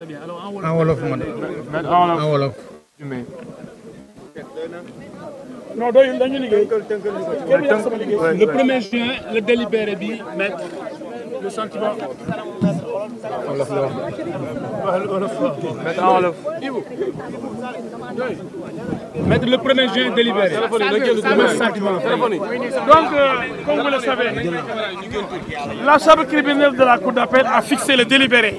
Le wolof er juin, wolof non le 1er juin le délibéré dit, maître le sentiment wolof la wax maître le wolof er juin délibéré donc euh, comme vous le savez la chambre criminelle de la cour d'appel a fixé le délibéré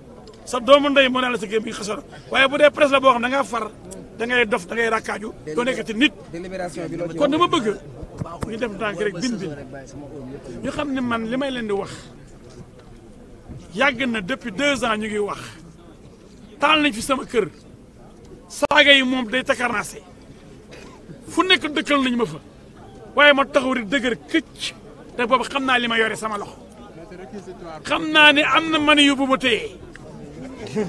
sa doomu ndey moo ne la sa géem bi waaye bu dee presse la boo xam da ngaa far da ngay dof da ngay rakkaaju doo nekkati nit kon dama bëgg ñu def tànk rek bin bin xam ne man li may leen di wax yàgg na depuis deux ans ñu ngi wax nañ fi sama kër yi moom day takarnaase fu nekk dëkkal nañ ma waaye ma taxaw di dëgër këcc xam naa li ma yore sama loxo xam naa ni am na man yu bu ma téye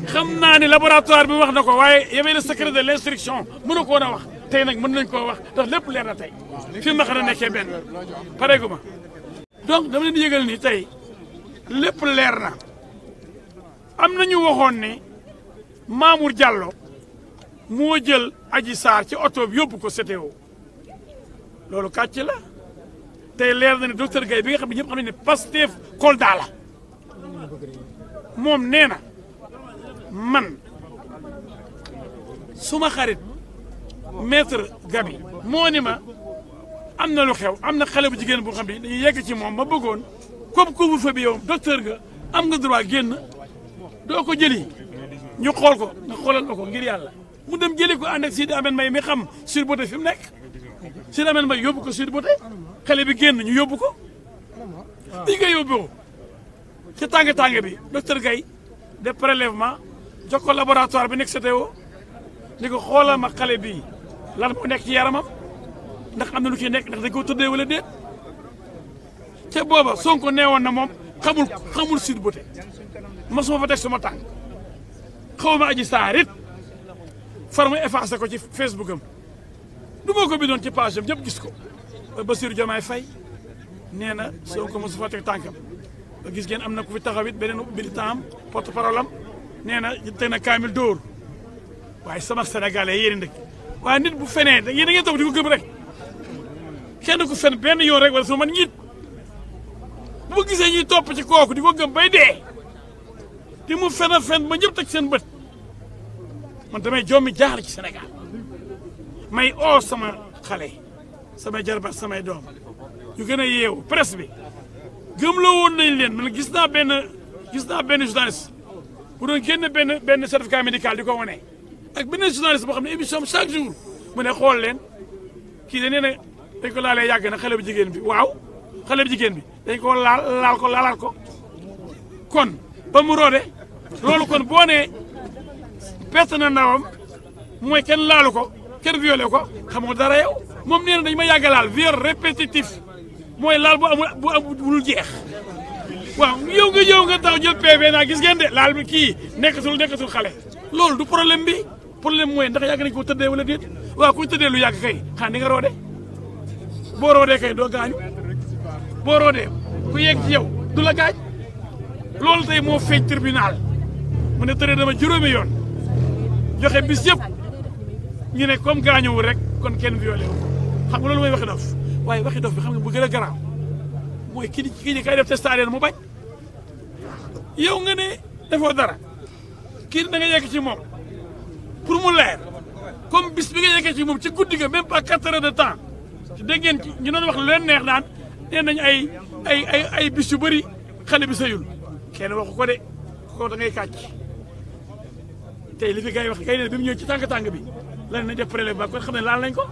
xam naa ne laboratoire bi wax na ko waaye yemee le secret de l' instruction ko woon a wax tey nag mën nañ koo wax ndax lépp leer na tey fi ma xam ne nekkee benn pareegu ma donc dama leen di yëgal ni tey lépp leer na am na ñu waxoon ne Mamour Diallo moo jël Adji Sarr ci oto bi yóbbu ko CTO loolu kàcc la tey leer na ne docteur Gaye bi nga xam ne ñëpp xam ne ne Pastef Kolda la moom nee na من سما خريط متر غبي موني ما أمنا لخيو أمنا خلبي جيجين بوخمبي ليجيتي مام بقول كم كوب في بيوم دكتور غا أم غدروا جين دو كجلي نقولكو نقولكو غيري الله مدام جليكو عندك سيد أمين ما يمخم سير بودي في منك سيد أمين ما يوبكو سير بودي خلبي جين نيوبكو ديجي يوبو كتانج تانج بي دكتور غاي ده بريلف ما jokkoo laboratoire bi nekk CTO ni ko xoolal ma xale bi lan moo nekk ci yaramam ndax am na lu ciy nekk ndax dañ ko tuddee wala déet ca booba Sonko neewoon na moom xamul xamul Sweet Beauté masuma fa teg sama tànk xaw ma aji saarit far mu effacé ko ci Facebook am du ma ko bindoon ci page am ñëpp gis ko Bassirou Diomaye Faye nee na Sonko mosu fa teg tànkam gis ngeen am na ku fi taxawit beneen militant am porte parole am nee na te na kaamil dóor waaye sama sénégalais yéen nag waaye nit bu fenee da yéen da ngeen di ko gëm rek kenn ku fen benn yoon rek wala su man ñit bu ma gisee ñuy topp ci kooku di ko gëm bay dee di mu fen a fen ba ñëpp teg seen bët man damay jommi jaaxle ci Sénégal may oo sama xale samay jarbat samay doom yu gën a yeewu presse bi gëm la woon nañ leen man gis naa benn gis naa benn journaliste bu doon génn benn benn certificat médical di ko wane ak benn journaliste boo xam ne émission bi chaque jour mu ne xool leen kii dañ ne dañ ko laalee yàgg na xale bu jigéen bi waaw xale bu jigéen bi dañ ko laal laal ko laalaal ko kon ba mu roode loolu kon boo nee perte na ndawam mooy kenn laalu ko kenn violé ko xamoo dara yow moom nee na dañ ma yàgg laal viol répétitif mooy laal bu amul bu amul jeex waaw yow nga yow nga taw jël PV naa gis ngeen de laal bi kii nekkatul nekkatul xale loolu du problème bi problème mooy ndax yàgg nañ ko tëddee wala déet waa ku ñu tëddee lu yàgg kay xan di nga roode boo roodee kay doo gaañu boo roodee ku yegg ci yow du la gaañ loolu tey moo feeñ tribunal mu ne tëddee dama juróomi yoon joxe bis yëpp ñu ne comme gaañuwul rek kon kenn violé wu xam nga loolu mooy waxi dof waaye waxi dof bi xam nga bu gën a garaaw mooy ki kii ni kay def test ADN mu bañ yow nga ne defoo dara kii da nga yegg ci moom pour mu leer comme bis bi nga yeggee ci moom ci guddi ga même pas quatre de temps ci dégg ngeen ci ñu doon wax lu leen neex daan nee nañ ay ay ay ay bis yu bëri xale bi sëyul kenn waxu ko de ko da ngay kàcc tey li fi gars yi wax gars yi bi mu ñëw ci tàng-tàng bi lan nañ def prélèvement kon xam ne laal nañ ko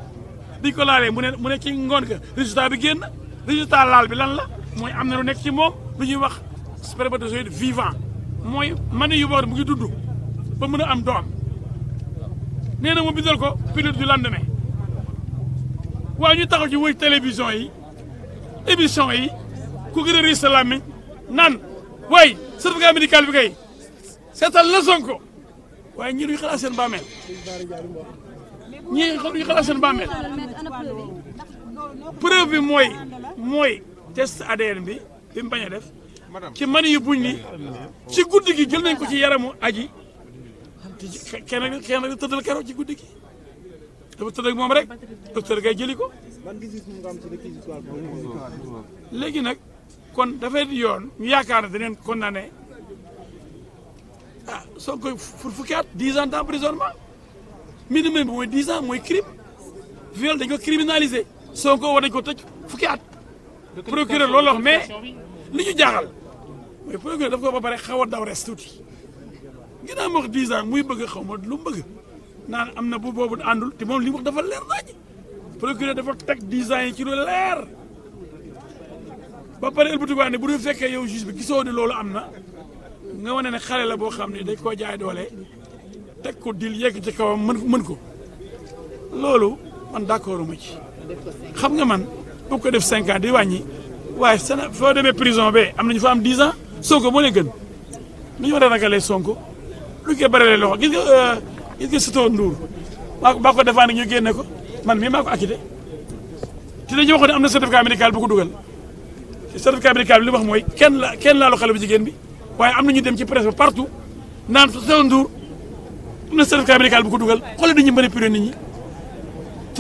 diñ ko laalee mu ne mu ne ci ngoon ga résultat bi génn résultat laal bi lan la mooy am na lu nekk ci moom lu ñuy wax spermatozoïde vivant mooy mani yu boor mu ngi dund ba mën a am doom nee na mu bindal ko pilule du lendemain waa ñu taxaw ci wëy télévision yi émission yi ku gën a riis sa làmmiñ naan waaye certificat médical bi kay seetal la Sonko waaye ñii duñu xalaat seen bàmmeel ñii duñu xalaat preuve bi mooy mooy test ADN bi bi mu bañ a def ci man yu buñ ni ci guddi gi jël nañ ko ci yaramu aji kenn kenn rek tëddal keroog ci guddi gi dafa tëdd ak moom rek docteur gay jëli ko léegi nag kon dafay yoon ñu yaakaar ne daneen condamné ah soo koy pour fukki at dix ans d'emprisonnement minimum bi mooy ans mooy crime viol dañ ko criminalisé Sonko war nañ ko tëj fukki at. procureur loolu la wax mais li ñu jaaxal mooy procureur daf ko ba pare xaw a daw res tuuti. ginnaaw wax muy bëgg xaw ma lu mu bëgg naan am na bu boobu àndul te moom li mu wax dafa leer naaj procureur dafa teg 10 ans yi ci lu leer. ba pare ëlbatiku ne bu dee fekkee yow juge bi gisoo ne loolu am na nga wane ne xale la boo xam ne dañ koo jaay doole teg ko dil yegg ci kawam mën mën ko loolu man d'accord ma xam nga man boo ko def cinq ans di wàññi waaye seen foo demee prison be am nañu fa am dix ans Sonko moo leen gën nu ñu war a ragalee Sonko lu ñu koy baralee loxo gis nga euh, gis nga Sitor Ndour maa ko maa ko ñu génne ko man mii maa ko acquitté te dañu waxoon ne am na certificat médical bu ko dugal certificat médical bi li wax mooy kenn la kenn laalu xale bu jigéen bi waaye am na ñu dem ci presse partout naan Sitor Ndour am na certificat médical bu ko dugal xoolal dañuy manipuler nit ñi.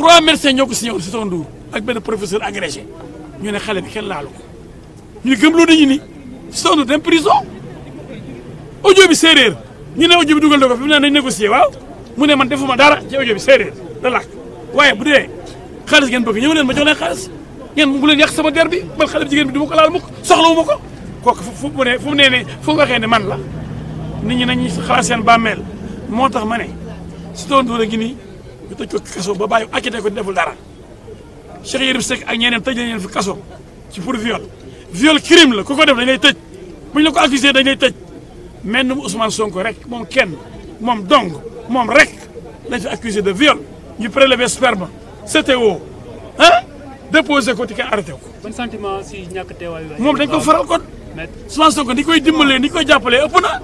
trois médecins ñoo ko signé woon si son ak benn professeur agrégé ñu ne xale bi xel laalu ko ñu gëmloo nañu ni si son Ndour dem prison audio bi séeréer ñu ne audio bi dugal na ko fi mu ne nañ négocier waaw mu ne man defuma dara ci audio bi séeréer la waaye bu dee xaalis ngeen bëgg ñëw leen ma jox leen xaalis ngeen bu leen yàq sama der bi man xale bi jigéen bi du ko laal mukk soxlawu ma ko kooku fu mu ne fu mu nee ne fu mu waxee ne man la nit ñi nañu xalaat seen bàmmeel moo tax ma ne si son Ndour a tëj o kaso ba o acquitté ko deful dara Cheikh Yérim Seck ak ñeneen tëj nañ leen fi kaso ci pour viol viol crime la ku ko def dañ lay tëj buñ la ko accusé dañ lay tëj mel ni Ousmane Sonko rek moom kenn moom dong moom rek lañ fi accusé de viol ñu prélevé sperme CTO ah déposé ko ti kay arrêté ko. ban sentiment si o teewaayu moom dañ ko faral kon. Ousmane Sonko ni koy dimbalee ni koy jàppalee ëpp na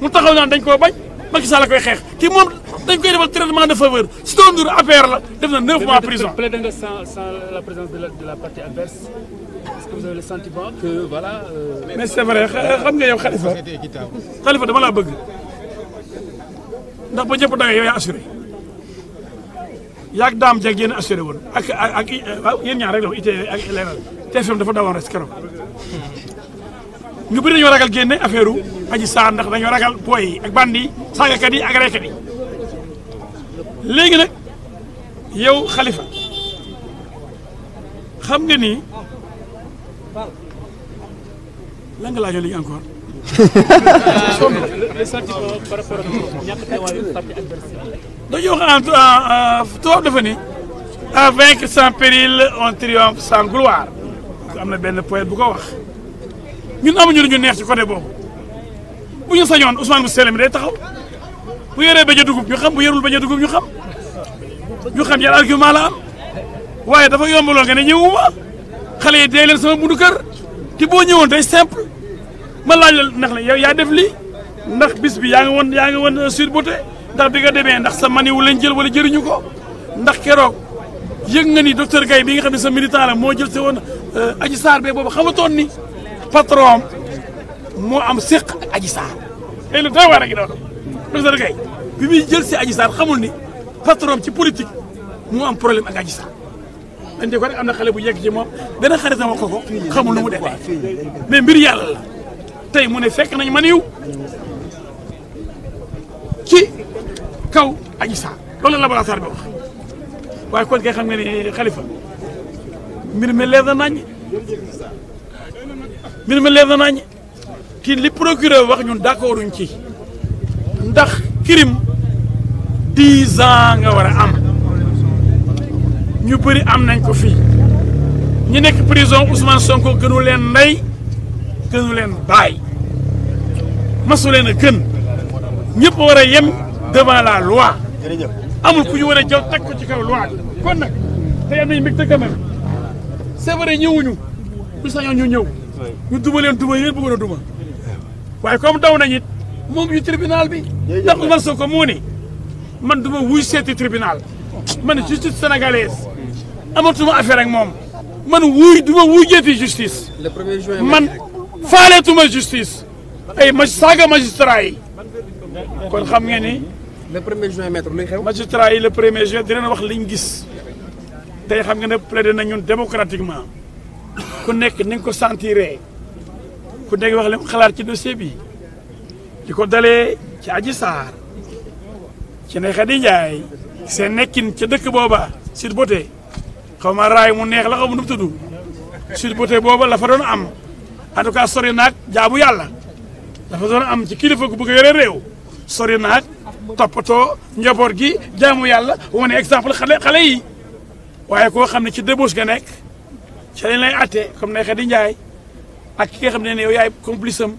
mu taxaw naan dañ koo bañ Macky Sall koy xeex ki moom. dañ koy defal traitement de faveur Sitor Ndour APR la def na 9 mois prison. plaide nga sans sans la présence de la de la partie adverse est-ce que vous avez le sentiment que voilà. Euh, mais c'est vrai xam nga yow Khalifa Khalifa je laa bëgg ndax ba ñëpp dangay yow yaa assuré yaag daam jeeg yéen assuré woon ak ak ak yéen ñaar rek la ite TFM dafa dawoon res keroog ñu bëri dañoo aji saar ndax dañoo ragal booy yi ak bandi yi saagakat yi ak reekat léegi nak yow khalifa xam nga ni la nga laajoon léegi encore. dañoo en ni. à vaincre sans péril on triomphe sans gloire. am na benn poète bu ko wax. ñun amuñu ñu neex ci côté bu ñu bu yoree ba a dugub ñu xam bu yorul ba a dugub ñu xam ñu xam yan argument la am waaye dafa yombaloo nga ne ñëwuma xale yi dee leen sama bundu kër te boo ñëwoon day simple ma laaj la ndax la yow yaa def li ndax bis bi yaa ngi woon yaa ngi woon sur beauté ndax bi nga demee ndax sa maniwu lañ jël wala jëriñu ko ndax keroog yëg nga ni docteur Gaye bi nga xam ne sa militant la moo jël si woon euh, aji saar bee boobu xamatoon ni patron moo am séq aji saar lu doy waar a professeur Gaye bi muy jël si Adji xamul ni patron ci politique mu am problème ak Adji Sarr dañ ko rek am na xale bu yegg ci moom benn xaritam wax ko ko xamul nu mu demee mais mbir yàlla tey mu ne fekk nañ ma niw ci kaw Adji loolu la laboratoire bi wax waaye kon kay xam nga ne xalifa mbir me leer na naññ mbir mi leer na naññ kii li procureur wax ñun d'accorduñ ci ndax crime dix ans nga war am ñu bëri am nañ ko fii ñi nekk prison Ousmane Sonko gënu leen ndey gënu leen baay masu leen a gën ñëpp war a yem devant la loi amul ku ñu war a jël teg ko ci kaw loi bi kon nag tey am nañ mbégte quand même c'est vrai ñëwuñu du sañoon ñu ñëw ñu duma leen duma yéen bëggoon a duma waaye comme daw nañ it moom yu tribunal bi ndax Ousmane Sonko moo ni man duma wuy seeti tribunal man justice sénégalaise amatuma affaire ak moom man wuy duma wuy jeeti justice man faaleetuma justice ay ma saaga magistrat yi kon xam ngeen ni le premier juin maître luy xew magistrat yi le premier juin dinañ wax liñ gis tey xam nga ne plaidé na ñun démocratiquement ku nekk ni nga ko o ku nekk wax li xalaat ci dossier bi di ko dalee ci aji saar ci ne Xadi Njaay seen nekkin ca dëkk booba Sweet Beauté xaw ma raay mu neex la xaw ma nu mu tudd Sweet booba la am en tout cas sori yàlla dafa doon am ci kilifa gu bëgg a yore réew sori naag toppatoo njaboot gi jaamu yàlla wane exemple xale xale yi waaye koo xam ne ci débauche ga nekk ci lañ lay atte comme ne Xadi Njaay ak ki nga xam ne ne yow yaay complice am